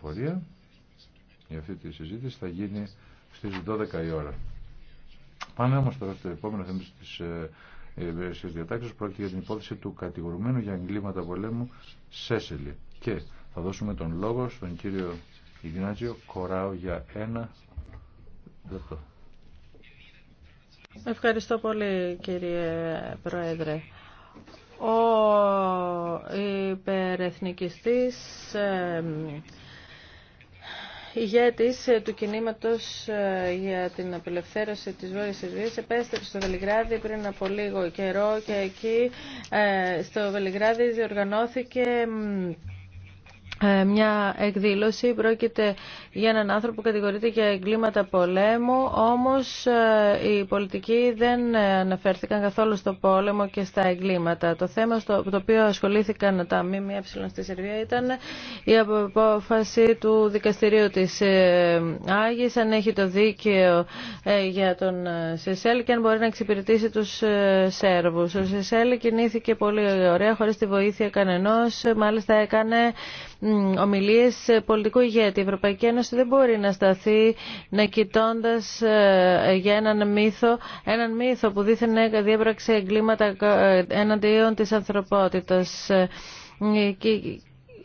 ψηφοφορία για αυτή τη συζήτηση θα γίνει στις 12 η ώρα. Πάμε όμως τώρα στο επόμενο θέμα της ε, ευαισθητής διατάξεως. Πρόκειται για την υπόθεση του κατηγορουμένου για εγκλήματα πολέμου Σέσελη. Και θα δώσουμε τον λόγο στον κύριο Ιγνάτζιο Κοράου για ένα λεπτό. Ευχαριστώ πολύ κύριε Πρόεδρε. Ο υπερεθνικιστής ε, ηγέτης ε, του κινήματος ε, για την απελευθέρωση της Βόρειας Σερβίας επέστρεψε στο Βελιγράδι πριν από λίγο καιρό και εκεί ε, στο Βελιγράδι διοργανώθηκε ε, μια εκδήλωση πρόκειται για έναν άνθρωπο που κατηγορείται για εγκλήματα πολέμου όμως ε, οι πολιτικοί δεν αναφέρθηκαν καθόλου στο πόλεμο και στα εγκλήματα. Το θέμα στο οποίο ασχολήθηκαν τα ΜΜΕ στη Σερβία ήταν η απόφαση του δικαστηρίου της ε, Άγης αν έχει το δίκαιο για τον Σεσέλ και αν μπορεί να εξυπηρετήσει τους Σέρβους. Ο Σεσέλ κινήθηκε πολύ ωραία χωρίς τη βοήθεια κανενός, μάλιστα έκανε ομιλίες πολιτικού ηγέτη. Η Ευρωπαϊκή Ένωση δεν μπορεί να σταθεί να κοιτώντας ε, για έναν μύθο, έναν μύθο που δίθεν διέπραξε εγκλήματα ε, εναντίον της ανθρωπότητας ε,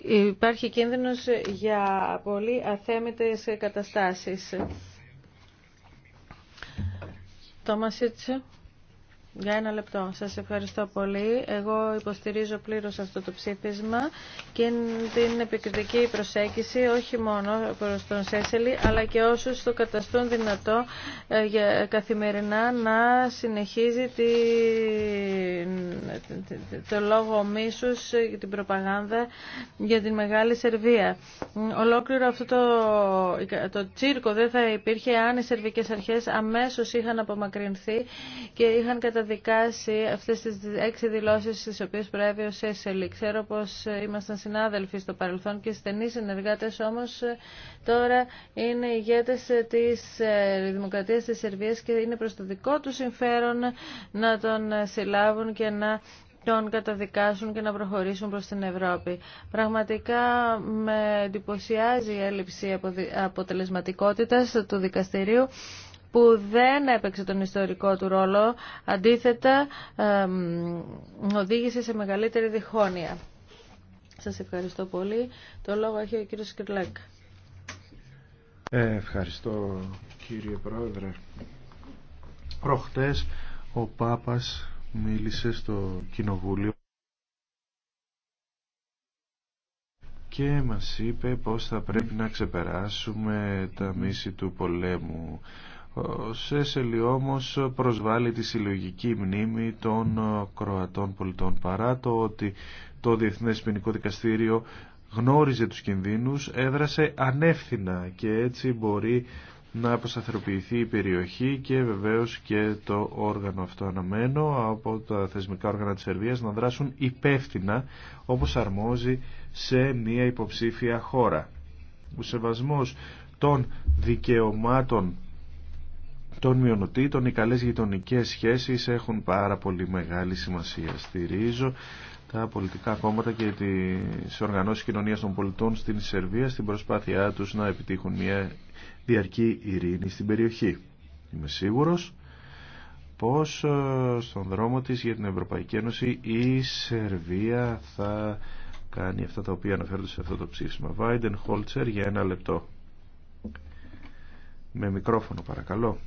υπάρχει κίνδυνος για πολύ αθέμητες καταστάσεις. έτσι. Για ένα λεπτό. Σας ευχαριστώ πολύ. Εγώ υποστηρίζω πλήρως αυτό το ψήφισμα και την επικριτική προσέγγιση όχι μόνο προς τον Σέσελη αλλά και όσους το καταστούν δυνατό ε, για καθημερινά να συνεχίζει τη... το λόγο μίσους για την προπαγάνδα για την Μεγάλη Σερβία. Ολόκληρο αυτό το, το τσίρκο δεν θα υπήρχε αν οι σερβικές αρχές αμέσως είχαν απομακρυνθεί και είχαν κατα καταδικάσει αυτές τις έξι δηλώσει, τι οποίες προέβη ο Σέσελη. Ξέρω πως ήμασταν συνάδελφοι στο παρελθόν και στενοί συνεργάτε, όμως τώρα είναι ηγέτες της ε, Δημοκρατία τη Σερβίας και είναι προ το δικό του συμφέρον να τον συλλάβουν και να τον καταδικάσουν και να προχωρήσουν προς την Ευρώπη. Πραγματικά με εντυπωσιάζει η έλλειψη αποτελεσματικότητας του δικαστηρίου που δεν έπαιξε τον ιστορικό του ρόλο, αντίθετα οδήγησε σε μεγαλύτερη διχόνοια. Σας ευχαριστώ πολύ. Το λόγο έχει ο κύριος Σκυρλέκ. Ε, ευχαριστώ κύριε Πρόεδρε. Προχτές ο Πάπας μίλησε στο Κοινοβούλιο και μας είπε πως θα πρέπει να ξεπεράσουμε τα μίση του πολέμου ο Σέσελη όμως προσβάλλει τη συλλογική μνήμη των ε, Κροατών πολιτών παρά το ότι το Διεθνές Ποινικό Δικαστήριο γνώριζε τους κινδύνους, έδρασε ανεύθυνα και έτσι μπορεί να αποσταθεροποιηθεί η περιοχή και βεβαίως και το όργανο αυτό αναμένο από τα θεσμικά όργανα της Σερβίας να δράσουν υπεύθυνα όπως αρμόζει σε μια υποψήφια χώρα. Ο σεβασμός των δικαιωμάτων των μειονοτήτων, οι καλές γειτονικές σχέσεις έχουν πάρα πολύ μεγάλη σημασία. Στηρίζω τα πολιτικά κόμματα και τις οργανώσεις κοινωνίας των πολιτών στην Σερβία στην προσπάθειά τους να επιτύχουν μια διαρκή ειρήνη στην περιοχή. Είμαι σίγουρος πως ε, στον δρόμο της για την Ευρωπαϊκή Ένωση η Σερβία θα κάνει αυτά τα οποία αναφέρονται σε αυτό το ψήφισμα. Βάιντεν Χόλτσερ για ένα λεπτό. Με μικρόφωνο παρακαλώ.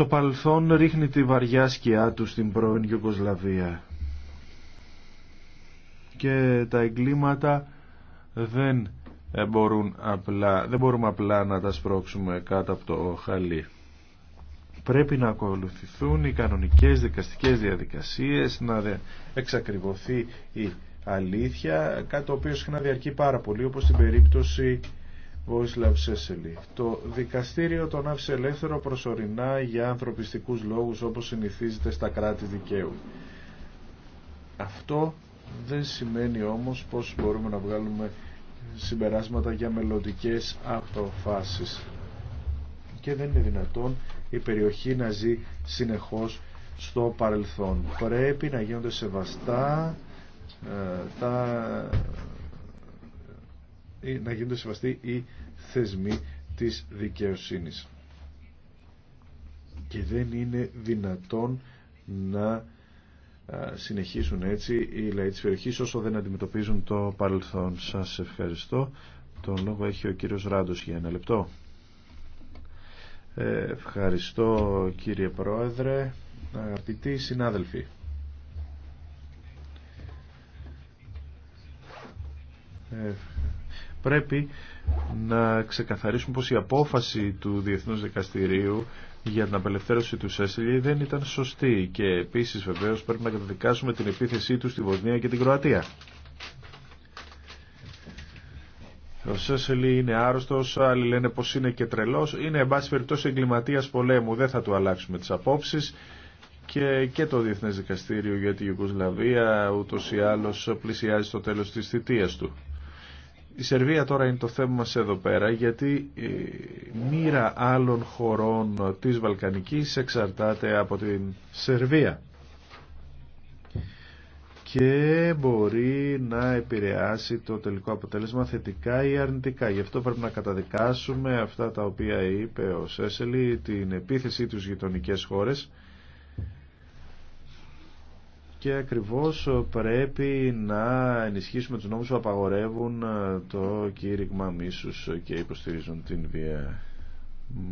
Το παλθόν ρίχνει τη βαριά σκιά του στην πρώην Γιουγκοσλαβία και τα εγκλήματα δεν ε, μπορούν απλά, δεν μπορούμε απλά να τα σπρώξουμε κάτω από το χαλί. Πρέπει να ακολουθηθούν οι κανονικές δικαστικές διαδικασίες, να εξακριβωθεί η αλήθεια, κάτι το οποίο συχνά διαρκεί πάρα πολύ, όπως στην περίπτωση Βόησλαβ Σέσελη. Το δικαστήριο τον άφησε ελεύθερο προσωρινά για ανθρωπιστικούς λόγους όπως συνηθίζεται στα κράτη δικαίου. Αυτό δεν σημαίνει όμως πως μπορούμε να βγάλουμε συμπεράσματα για μελλοντικέ αποφάσεις. Και δεν είναι δυνατόν η περιοχή να ζει συνεχώς στο παρελθόν. Πρέπει να γίνονται σεβαστά ε, τα να γίνονται σεβαστοί οι θεσμοί της δικαιοσύνης. Και δεν είναι δυνατόν να συνεχίσουν έτσι οι λαοί της περιοχής όσο δεν αντιμετωπίζουν το παρελθόν. Σας ευχαριστώ. Τον λόγο έχει ο κύριος Ράντος για ένα λεπτό. Ε, ευχαριστώ κύριε Πρόεδρε. Αγαπητοί συνάδελφοι. Ε, πρέπει να ξεκαθαρίσουμε πως η απόφαση του Διεθνούς Δικαστηρίου για την απελευθέρωση του Σέσιλι δεν ήταν σωστή και επίσης βεβαίως πρέπει να καταδικάσουμε την επίθεσή του στη Βοσνία και την Κροατία. Ο Σέσελη είναι άρρωστο, άλλοι λένε πω είναι και τρελό. Είναι, εν πάση περιπτώσει, εγκληματία πολέμου. Δεν θα του αλλάξουμε τι απόψει. Και, και το Διεθνέ Δικαστήριο για τη Ιουγκοσλαβία ούτω ή άλλω πλησιάζει στο τέλο τη θητεία του. Η Σερβία τώρα είναι το θέμα μας εδώ πέρα γιατί η μοίρα άλλων χωρών της Βαλκανικής εξαρτάται από την Σερβία και μπορεί να επηρεάσει το τελικό αποτέλεσμα θετικά ή αρνητικά. Γι' αυτό πρέπει να καταδικάσουμε αυτά τα οποία είπε ο Σέσελη, την επίθεσή τους γειτονικές χώρες και ακριβώς πρέπει να ενισχύσουμε τους νόμους που απαγορεύουν ε, το κήρυγμα μίσους και υποστηρίζουν την βία.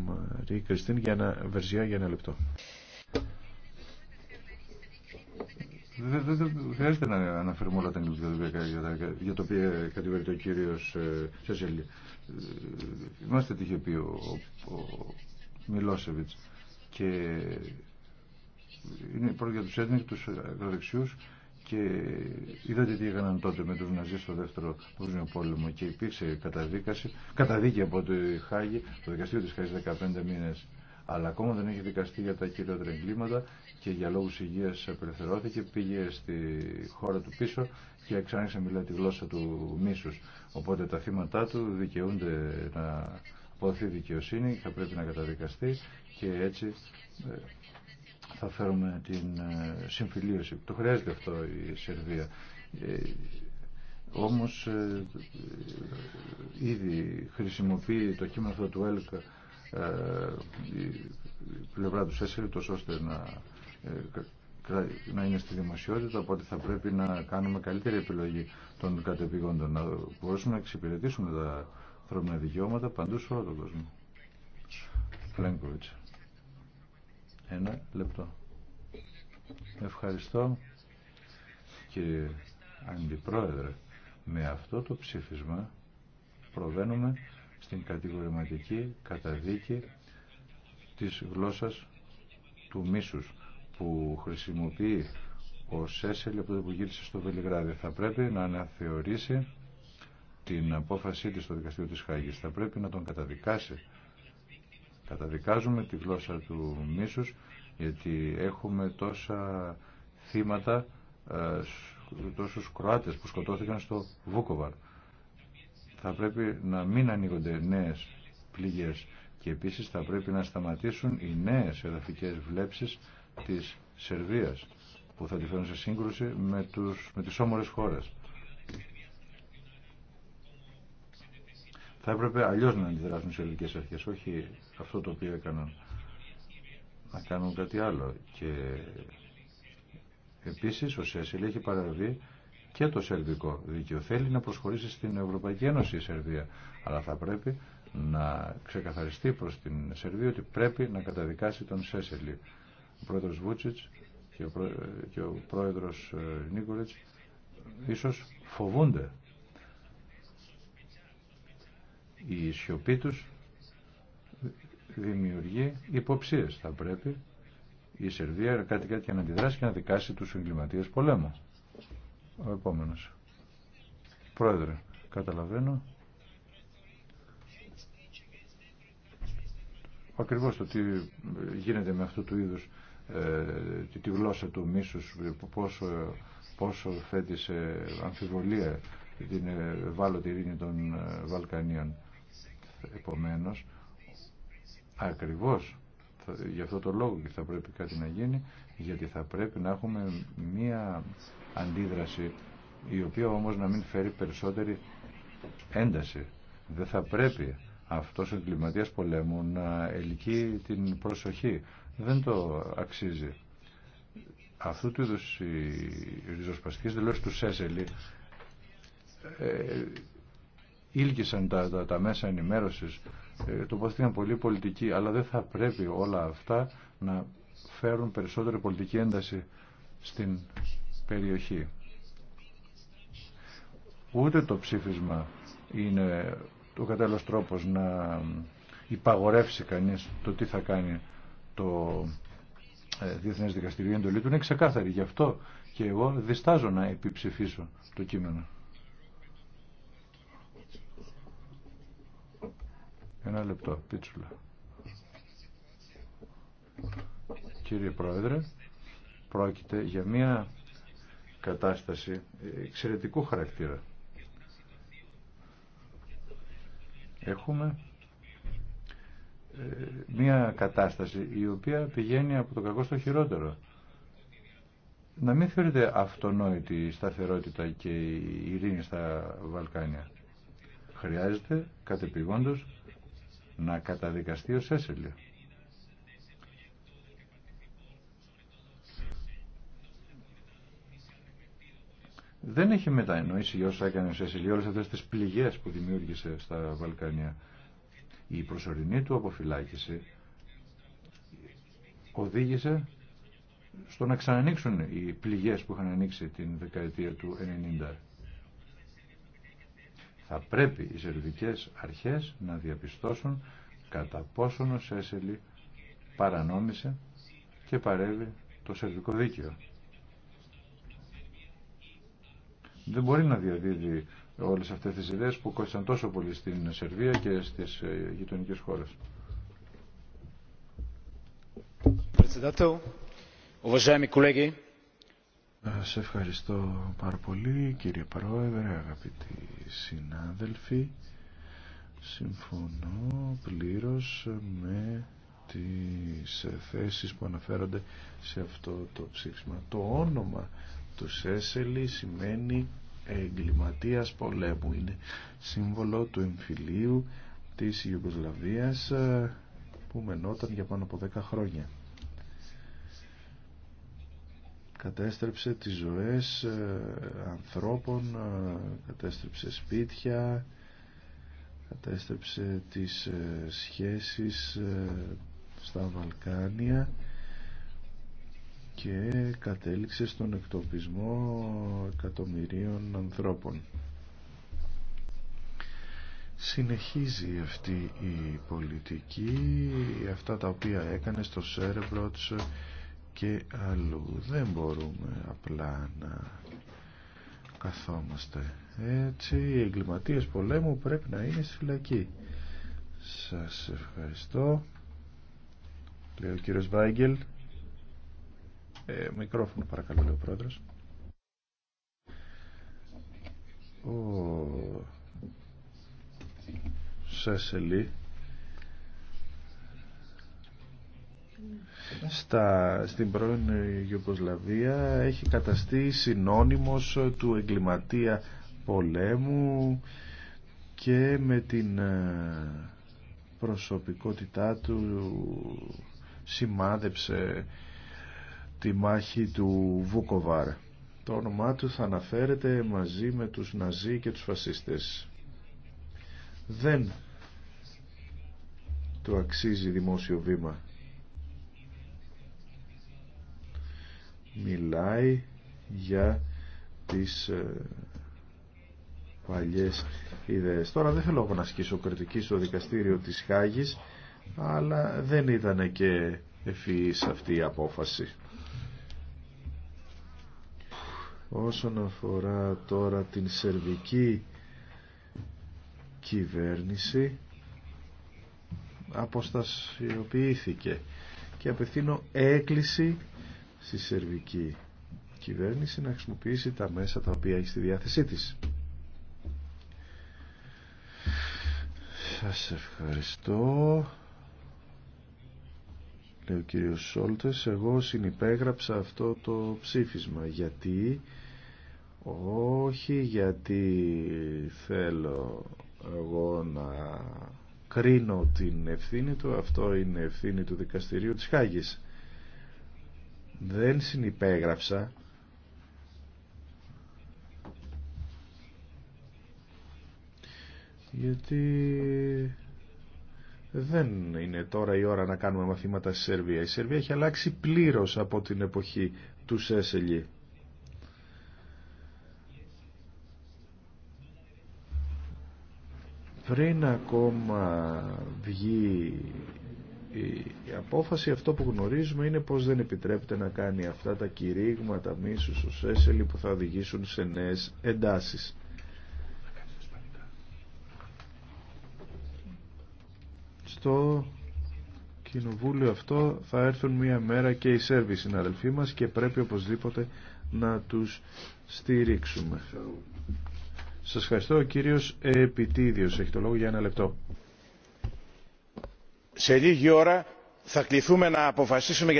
Μαρή Κριστίν για ένα, Βερζιά για ένα λεπτό. Δεν δε, δε, χρειάζεται να αναφέρουμε όλα τα ελληνικά για τα οποία κατηγορείται ο κύριο ε, Σεσέλη. Ε, είμαστε τι είχε πει ο, ο, ο Μιλόσεβιτ και είναι πρώτο για τους έθνες, τους δεξιούς και είδατε τι έκαναν τότε με τους Ναζί στο δεύτερο πόλεμο και υπήρξε καταδίκαση, καταδίκη από το Χάγη, το δικαστήριο της Χάγης 15 μήνες αλλά ακόμα δεν έχει δικαστεί για τα κυριότερα εγκλήματα και για λόγους υγείας απελευθερώθηκε, πήγε στη χώρα του πίσω και ξανά να τη γλώσσα του μίσους. Οπότε τα θύματα του δικαιούνται να αποδοθεί δικαιοσύνη, θα πρέπει να καταδικαστεί και έτσι ε, θα φέρουμε την ε, συμφιλίωση. Το χρειάζεται αυτό η Σερβία. Ε, όμως ε, ήδη χρησιμοποιεί το κείμενο αυτό του ΕΛΚΑ η πλευρά του τόσο ώστε να, να είναι στη δημοσιότητα οπότε θα πρέπει να κάνουμε καλύτερη επιλογή των κατεπηγόντων να μπορέσουμε να εξυπηρετήσουμε τα ανθρώπινα δικαιώματα παντού σε όλο τον κόσμο. Ένα λεπτό. Ευχαριστώ κύριε Αντιπρόεδρε. Με αυτό το ψήφισμα προβαίνουμε στην κατηγορηματική καταδίκη της γλώσσας του μίσους που χρησιμοποιεί ο Σέσελ από το που γύρισε στο Βελιγράδι. Θα πρέπει να αναθεωρήσει την απόφασή της στο δικαστήριο της Χάγης. Θα πρέπει να τον καταδικάσει Καταδικάζουμε τη γλώσσα του μίσους γιατί έχουμε τόσα θύματα ε, τόσους Κροάτες που σκοτώθηκαν στο Βούκοβαρ. Θα πρέπει να μην ανοίγονται νέες πληγές και επίσης θα πρέπει να σταματήσουν οι νέες εδαφικές βλέψεις της Σερβίας που θα τη φέρουν σε σύγκρουση με, τους, με τις όμορες χώρες. Θα έπρεπε αλλιώς να αντιδράσουν σε ελληνικές αρχές, όχι αυτό το οποίο έκαναν. Να κάνουν κάτι άλλο. Και επίσης ο Σέσιλ έχει παραβεί και το σερβικό δίκαιο. Θέλει να προσχωρήσει στην Ευρωπαϊκή Ένωση η Σερβία. Αλλά θα πρέπει να ξεκαθαριστεί προς την Σερβία ότι πρέπει να καταδικάσει τον Σέσελη. Ο πρόεδρος Βούτσιτς και ο πρόεδρος ε, Νίκολιτς ίσως φοβούνται η σιωπή τους δημιουργεί υποψίες. Θα πρέπει η Σερβία κάτι κάτι να αντιδράσει και να δικάσει τους εγκληματίες πολέμου. Ο επόμενος. Πρόεδρε, καταλαβαίνω ακριβώς το τι γίνεται με αυτού του είδους ε, τη γλώσσα του μίσους, πόσο, πόσο θέτει σε αμφιβολία την ε, ευάλωτη ειρήνη των ε, Βαλκανίων. Επομένως, ακριβώς γι' αυτό το λόγο και θα πρέπει κάτι να γίνει, γιατί θα πρέπει να έχουμε μία αντίδραση η οποία όμως να μην φέρει περισσότερη ένταση. Δεν θα πρέπει αυτός ο εγκληματίας πολέμου να ελκύει την προσοχή. Δεν το αξίζει. Αυτού του είδους οι ριζοσπαστικές δηλώσεις του Σέσελη ε, ήλκησαν τα, τα, μέσα ενημέρωσης, ε, πολύ πολιτική, αλλά δεν θα πρέπει όλα αυτά να φέρουν περισσότερη πολιτική ένταση στην περιοχή. Ούτε το ψήφισμα είναι ο κατάλληλος τρόπος να υπαγορεύσει κανείς το τι θα κάνει το ε, Διεθνές Δικαστηρίο. εντολή του είναι ξεκάθαρη. Γι' αυτό και εγώ διστάζω να επιψηφίσω το κείμενο. Ένα λεπτό, πίτσουλα. Κύριε Πρόεδρε, πρόκειται για μια κατάσταση εξαιρετικού χαρακτήρα. Έχουμε ε, μια κατάσταση η οποία πηγαίνει από το κακό στο χειρότερο. Να μην θεωρείται αυτονόητη η σταθερότητα και η ειρήνη στα Βαλκάνια. Χρειάζεται κατεπηγόντως να καταδικαστεί ο Σέσελιο. Δεν έχει μετανοήσει για όσα έκανε ο Σέσελιο όλες αυτές τις πληγές που δημιούργησε στα Βαλκάνια. Η προσωρινή του αποφυλάκηση οδήγησε στο να ξανανοίξουν οι πληγές που είχαν ανοίξει την δεκαετία του 90. Θα πρέπει οι σερβικές αρχές να διαπιστώσουν κατά πόσον ο Σέσελη παρανόμησε και παρέβη το σερβικό δίκαιο. Δεν μπορεί να διαδίδει όλες αυτές τις ιδέες που κόστησαν τόσο πολύ στην Σερβία και στις ε, γειτονικές χώρες. Председател, уважаеми ε, σε ευχαριστώ πάρα πολύ κύριε Πρόεδρε, αγαπητοί συνάδελφοι. Συμφωνώ πλήρως με τις θέσεις που αναφέρονται σε αυτό το ψήφισμα. Το όνομα του Σέσελη σημαίνει εγκληματίας πολέμου. Είναι σύμβολο του εμφυλίου της Ιουγκοσλαβίας ε, που μενόταν για πάνω από 10 χρόνια κατέστρεψε τις ζωές ε, ανθρώπων, ε, κατέστρεψε σπίτια, κατέστρεψε τις ε, σχέσεις στα Βαλκάνια και κατέληξε στον εκτοπισμό εκατομμυρίων ανθρώπων. Συνεχίζει αυτή η πολιτική, αυτά τα οποία έκανε στο Σέρεμπροτς και αλλού. Δεν μπορούμε απλά να καθόμαστε. Έτσι, οι εγκληματίες πολέμου πρέπει να είναι στη φυλακή. Σας ευχαριστώ. Λέει ο κύριος Βάγγελ. Ε, μικρόφωνο παρακαλώ, λέει ο πρόεδρος. Ο στα, στην πρώην Ιουγκοσλαβία έχει καταστεί συνώνυμος του εγκληματία πολέμου και με την ε, προσωπικότητά του σημάδεψε τη μάχη του Βούκοβαρ. Το όνομά του θα αναφέρεται μαζί με τους Ναζί και τους φασίστες. Δεν του αξίζει δημόσιο βήμα μιλάει για τις ε, παλιές ιδέες. Τώρα δεν θέλω να ασκήσω κριτική στο δικαστήριο της Χάγης, αλλά δεν ήταν και ευφυής αυτή η απόφαση. Όσον αφορά τώρα την σερβική κυβέρνηση, αποστασιοποιήθηκε και απευθύνω έκκληση στη σερβική κυβέρνηση να χρησιμοποιήσει τα μέσα τα οποία έχει στη διάθεσή της. Σας ευχαριστώ. Λέει ο κύριος Σόλτες, εγώ συνυπέγραψα αυτό το ψήφισμα. Γιατί, όχι γιατί θέλω εγώ να κρίνω την ευθύνη του, αυτό είναι ευθύνη του δικαστηρίου της Χάγης δεν συνυπέγραψα γιατί δεν είναι τώρα η ώρα να κάνουμε μαθήματα στη Σερβία. Η Σερβία έχει αλλάξει πλήρως από την εποχή του Σέσελι. Πριν ακόμα βγει η απόφαση αυτό που γνωρίζουμε είναι πως δεν επιτρέπεται να κάνει αυτά τα κηρύγματα μίσους ο Σέσελη που θα οδηγήσουν σε νέες εντάσεις. Στο κοινοβούλιο αυτό θα έρθουν μία μέρα και οι Σέρβοι συναδελφοί μας και πρέπει οπωσδήποτε να τους στηρίξουμε. Σας ευχαριστώ. Ο κύριος Επιτίδιος έχει το λόγο για ένα λεπτό σε λίγη ώρα θα κληθούμε να αποφασίσουμε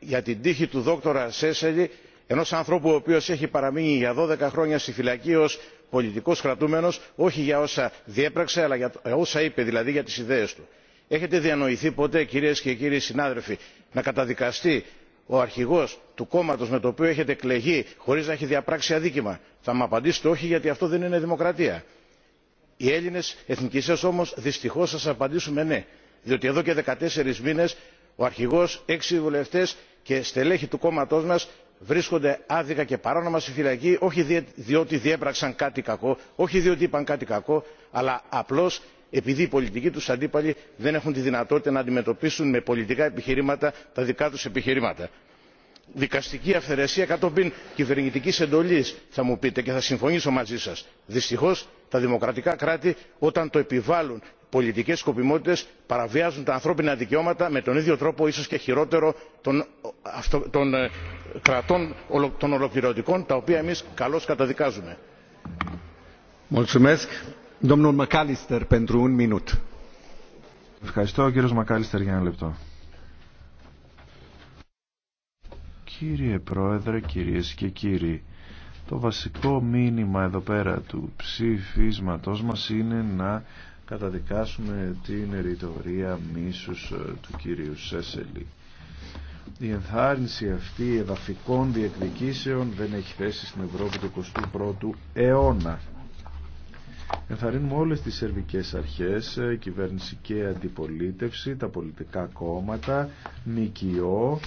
για, την τύχη του δόκτωρα σέσελη ενός ανθρώπου ο οποίος έχει παραμείνει για 12 χρόνια στη φυλακή ως πολιτικός κρατούμενος όχι για όσα διέπραξε αλλά για όσα είπε δηλαδή για τις ιδέες του. έχετε διανοηθεί ποτέ κυρίες και κύριοι συνάδελφοι να καταδικαστεί ο αρχηγός του κόμματος με το οποίο έχετε κλεγεί χωρίς να έχει διαπράξει αδίκημα. θα μου απαντήσετε όχι γιατί αυτό δεν είναι δημοκρατία. οι έλληνες εθνικιστές όμως δυστυχώς θα σας απαντήσουμε ναι διότι εδώ και δεκατέσσερι μήνε ο αρχηγό έξι βουλευτέ και στελέχη του κόμματό μα βρίσκονται άδικα και παράνομα στη φυλακή όχι διότι διέπραξαν κάτι κακό όχι διότι είπαν κάτι κακό αλλά απλώ επειδή οι πολιτικοί του αντίπαλοι δεν έχουν τη δυνατότητα να αντιμετωπίσουν με πολιτικά επιχειρήματα τα δικά του επιχειρήματα δικαστική αυθαιρεσία κατόπιν κυβερνητικής εντολής θα μου πείτε και θα συμφωνήσω μαζί σας. δυστυχώς τα δημοκρατικά κράτη όταν το επιβάλλουν πολιτικές σκοπιμότητες παραβιάζουν τα ανθρώπινα δικαιώματα με τον ίδιο τρόπο ίσως και χειρότερο των, ε, κρατών των ολοκληρωτικών τα οποία εμείς καλώς καταδικάζουμε. Ευχαριστώ κύριο Μακάλιστερ για ένα λεπτό. Κύριε Πρόεδρε, κυρίες και κύριοι, το βασικό μήνυμα εδώ πέρα του ψηφίσματός μας είναι να καταδικάσουμε την ερητορία μίσους ε, του κυρίου Σέσελη. Η ενθάρρυνση αυτή εδαφικών διεκδικήσεων δεν έχει θέση στην Ευρώπη του 21ου αιώνα. Ενθαρρύνουμε όλες τις σερβικές αρχές, ε, κυβέρνηση και αντιπολίτευση, τα πολιτικά κόμματα, νοικιό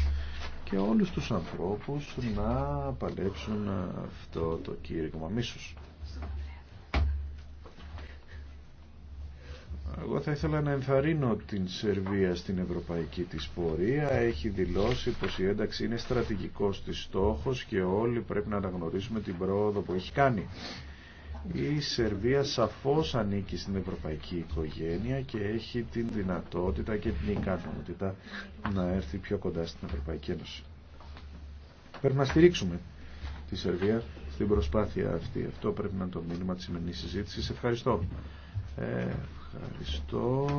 και όλους τους ανθρώπους να παλέψουν αυτό το κήρυγμα μίσους. Εγώ θα ήθελα να ενθαρρύνω την Σερβία στην ευρωπαϊκή της πορεία. Έχει δηλώσει πως η ένταξη είναι στρατηγικός της στόχος και όλοι πρέπει να αναγνωρίσουμε την πρόοδο που έχει κάνει η Σερβία σαφώς ανήκει στην ευρωπαϊκή οικογένεια και έχει την δυνατότητα και την ικανότητα να έρθει πιο κοντά στην Ευρωπαϊκή Ένωση. Πρέπει να στηρίξουμε τη Σερβία στην προσπάθεια αυτή. Αυτό πρέπει να είναι το μήνυμα της σημερινής συζήτησης. Ευχαριστώ. Ε, ευχαριστώ.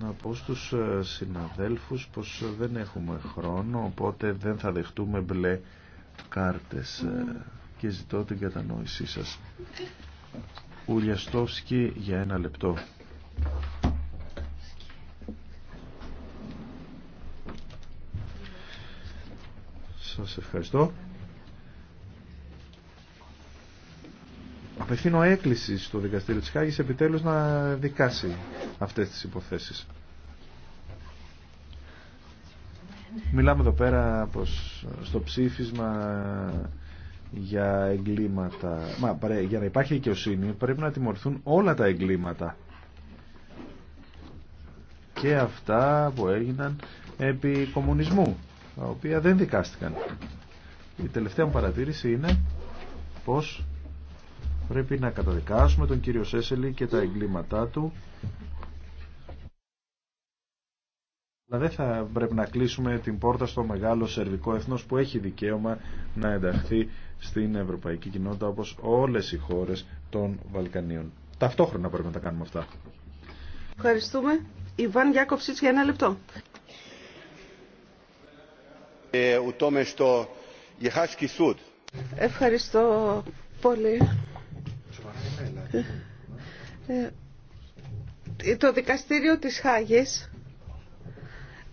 Να πω στους ε, συναδέλφους πως δεν έχουμε χρόνο, οπότε δεν θα δεχτούμε μπλε κάρτες ε, και ζητώ την κατανόησή σας. Ουλιαστόφσκι για ένα λεπτό. Σας ευχαριστώ. Απευθύνω έκκληση στο δικαστήριο της Χάγης επιτέλους να δικάσει αυτές τις υποθέσεις. Μιλάμε εδώ πέρα πως στο ψήφισμα για εγκλήματα. Μα, για να υπάρχει δικαιοσύνη πρέπει να τιμωρηθούν όλα τα εγκλήματα. Και αυτά που έγιναν επί κομμουνισμού, τα οποία δεν δικάστηκαν. Η τελευταία μου παρατήρηση είναι πως πρέπει να καταδικάσουμε τον κύριο Σέσελη και τα εγκλήματά του δεν θα πρέπει να κλείσουμε την πόρτα στο μεγάλο σερβικό έθνος που έχει δικαίωμα να ενταχθεί στην ευρωπαϊκή κοινότητα όπως όλες οι χώρες των Βαλκανίων. Ταυτόχρονα πρέπει να τα κάνουμε αυτά. Ευχαριστούμε. Ιβάν Γιακοψίτς για ένα λεπτό. Ε, Ευχαριστώ πολύ. Ε, ε, το δικαστήριο της Χάγης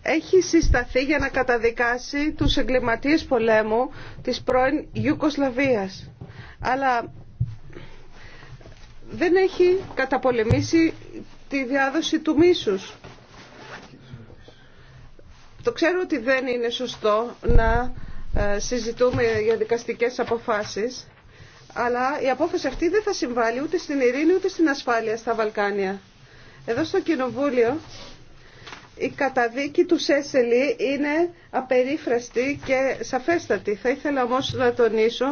έχει συσταθεί για να καταδικάσει τους εγκληματίες πολέμου της πρώην Ιουκοσλαβίας. Αλλά δεν έχει καταπολεμήσει τη διάδοση του μίσους. Το ξέρω ότι δεν είναι σωστό να ε, συζητούμε για δικαστικές αποφάσεις, αλλά η απόφαση αυτή δεν θα συμβάλλει ούτε στην ειρήνη ούτε στην ασφάλεια στα Βαλκάνια. Εδώ στο Κοινοβούλιο η καταδίκη του Σέσελη είναι απερίφραστη και σαφέστατη. Θα ήθελα όμως να τονίσω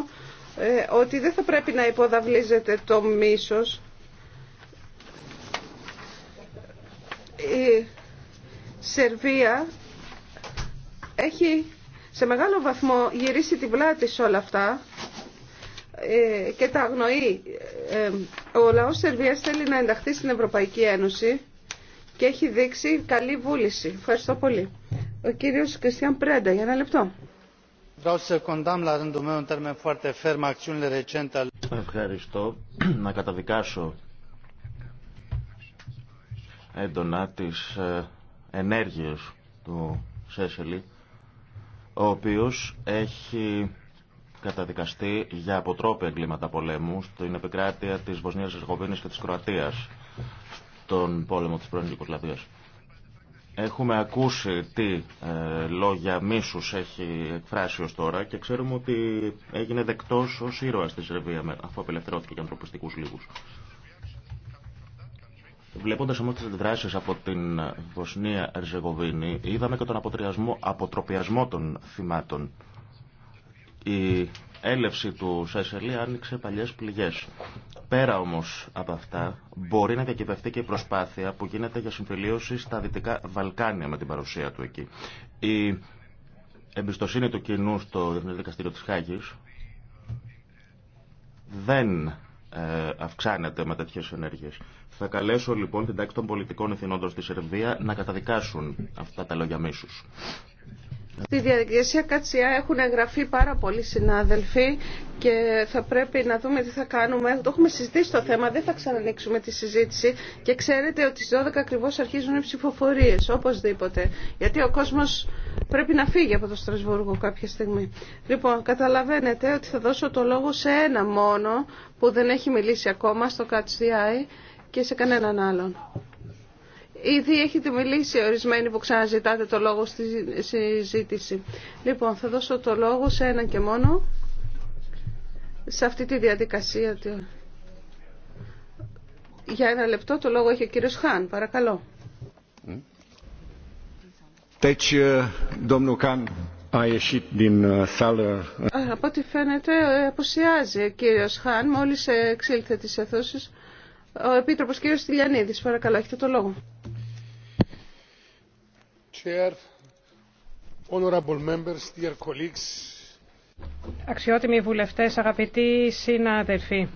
ε, ότι δεν θα πρέπει να υποδαβλίζεται το μίσος. Η Σερβία έχει σε μεγάλο βαθμό γυρίσει την πλάτη σε όλα αυτά ε, και τα αγνοεί. Ε, ο λαός Σερβίας θέλει να ενταχθεί στην Ευρωπαϊκή Ένωση και έχει δείξει καλή βούληση. Ευχαριστώ πολύ. Ο κύριος Κριστιαν Πρέντα, για ένα λεπτό. Ευχαριστώ. Να καταδικάσω έντονα τι ε, ενέργειε του Σέσελη, ο οποίος έχει καταδικαστεί για αποτρόπια εγκλήματα πολέμου στην επικράτεια της Βοσνίας Ερχοβίνης και της Κροατίας τον πόλεμο της πρώην Ιουκοσλαβίας. Έχουμε ακούσει τι ε, λόγια μίσους έχει εκφράσει ως τώρα και ξέρουμε ότι έγινε δεκτός ως ήρωα στη Σερβία αφού απελευθερώθηκε για ανθρωπιστικούς λίγους. Βλέποντα όμω τι αντιδράσει από την Βοσνία Ερζεγοβίνη, είδαμε και τον αποτροπιασμό των θυμάτων. Η έλευση του Σασελή άνοιξε παλιέ πληγέ. Πέρα όμως από αυτά, μπορεί να διακυβευτεί και η προσπάθεια που γίνεται για συμφιλίωση στα Δυτικά Βαλκάνια με την παρουσία του εκεί. Η εμπιστοσύνη του κοινού στο Διεθνές Δικαστήριο της Χάγης δεν ε, αυξάνεται με τέτοιε ενέργειε. Θα καλέσω λοιπόν την τάξη των πολιτικών εθνών στη Σερβία να καταδικάσουν αυτά τα λόγια μίσου. Στη διαδικασία Κατσιά έχουν εγγραφεί πάρα πολλοί συνάδελφοι και θα πρέπει να δούμε τι θα κάνουμε. Το έχουμε συζητήσει το θέμα, δεν θα ξανανοίξουμε τη συζήτηση και ξέρετε ότι στις 12 ακριβώς αρχίζουν οι ψηφοφορίες, οπωσδήποτε. Γιατί ο κόσμος πρέπει να φύγει από το Στρασβούργο κάποια στιγμή. Λοιπόν, καταλαβαίνετε ότι θα δώσω το λόγο σε ένα μόνο που δεν έχει μιλήσει ακόμα στο ΚΑΤΣΙΑΙ και σε κανέναν άλλον. Ήδη έχετε μιλήσει ορισμένοι που ξαναζητάτε το λόγο στη συζήτηση. Λοιπόν, θα δώσω το λόγο σε έναν και μόνο σε αυτή τη διαδικασία. Για ένα λεπτό το λόγο έχει ο κύριος Χάν. Παρακαλώ. Uh, Από ό,τι φαίνεται ε, αποσιάζει ο κύριος Χάν μόλις εξήλθε τις αθώσεις. Ο Επίτροπος κύριος Τηλιανίδης, παρακαλώ, έχετε το λόγο. Αξιότιμοι βουλευτές, αγαπητοί συνάδελφοι.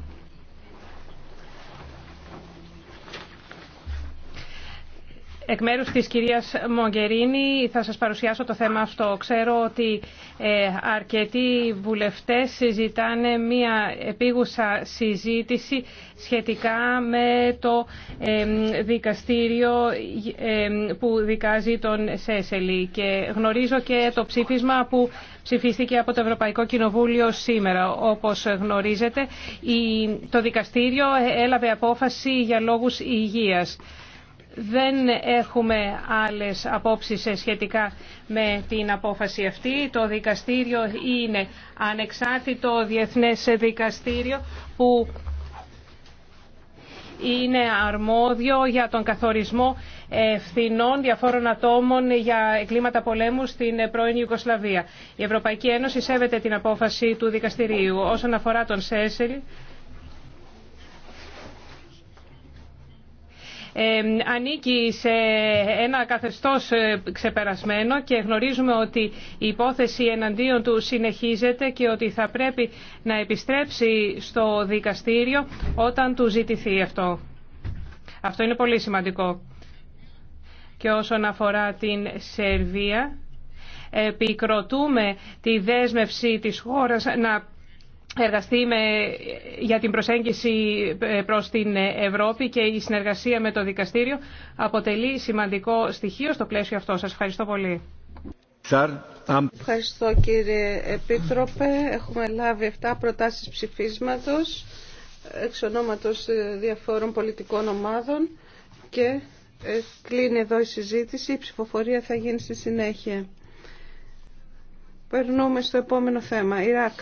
Εκ μέρους της κυρίας Μογκερίνη θα σας παρουσιάσω το θέμα αυτό. Ξέρω ότι ε, αρκετοί βουλευτές συζητάνε μία επίγουσα συζήτηση σχετικά με το δικαστήριο που δικάζει τον Σέσελη και γνωρίζω και το ψήφισμα που ψηφίστηκε από το Ευρωπαϊκό Κοινοβούλιο σήμερα. Όπως γνωρίζετε, το δικαστήριο έλαβε απόφαση για λόγους υγείας. Δεν έχουμε άλλες απόψεις σχετικά με την απόφαση αυτή. Το δικαστήριο είναι ανεξάρτητο διεθνές δικαστήριο που είναι αρμόδιο για τον καθορισμό ευθυνών διαφόρων ατόμων για εγκλήματα πολέμου στην πρώην Ιουγκοσλαβία. Η Ευρωπαϊκή Ένωση σέβεται την απόφαση του δικαστηρίου. Όσον αφορά τον Σέσελ, ανήκει σε ένα καθεστώς ε, ξεπερασμένο και γνωρίζουμε ότι η υπόθεση εναντίον του συνεχίζεται και ότι θα πρέπει να επιστρέψει στο δικαστήριο όταν του ζητηθεί αυτό. Αυτό είναι πολύ σημαντικό. Και όσον αφορά την Σερβία, επικροτούμε τη δέσμευση της χώρας να εργαστεί με, για την προσέγγιση ε, προς την Ευρώπη και η συνεργασία με το δικαστήριο αποτελεί σημαντικό στοιχείο στο πλαίσιο αυτό. Σας ευχαριστώ πολύ. Ευχαριστώ κύριε Επίτροπε. Έχουμε λάβει 7 προτάσεις ψηφίσματος εξ ονόματος ε, διαφόρων πολιτικών ομάδων και ε, κλείνει εδώ η συζήτηση. Η ψηφοφορία θα γίνει στη συνέχεια. Περνούμε στο επόμενο θέμα. Ιράκ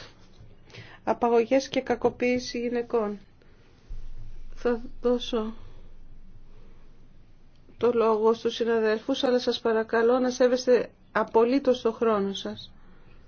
απαγωγές και κακοποίηση γυναικών. Θα δώσω το λόγο στους συναδέλφους, αλλά σας παρακαλώ να σέβεστε απολύτως το χρόνο σας.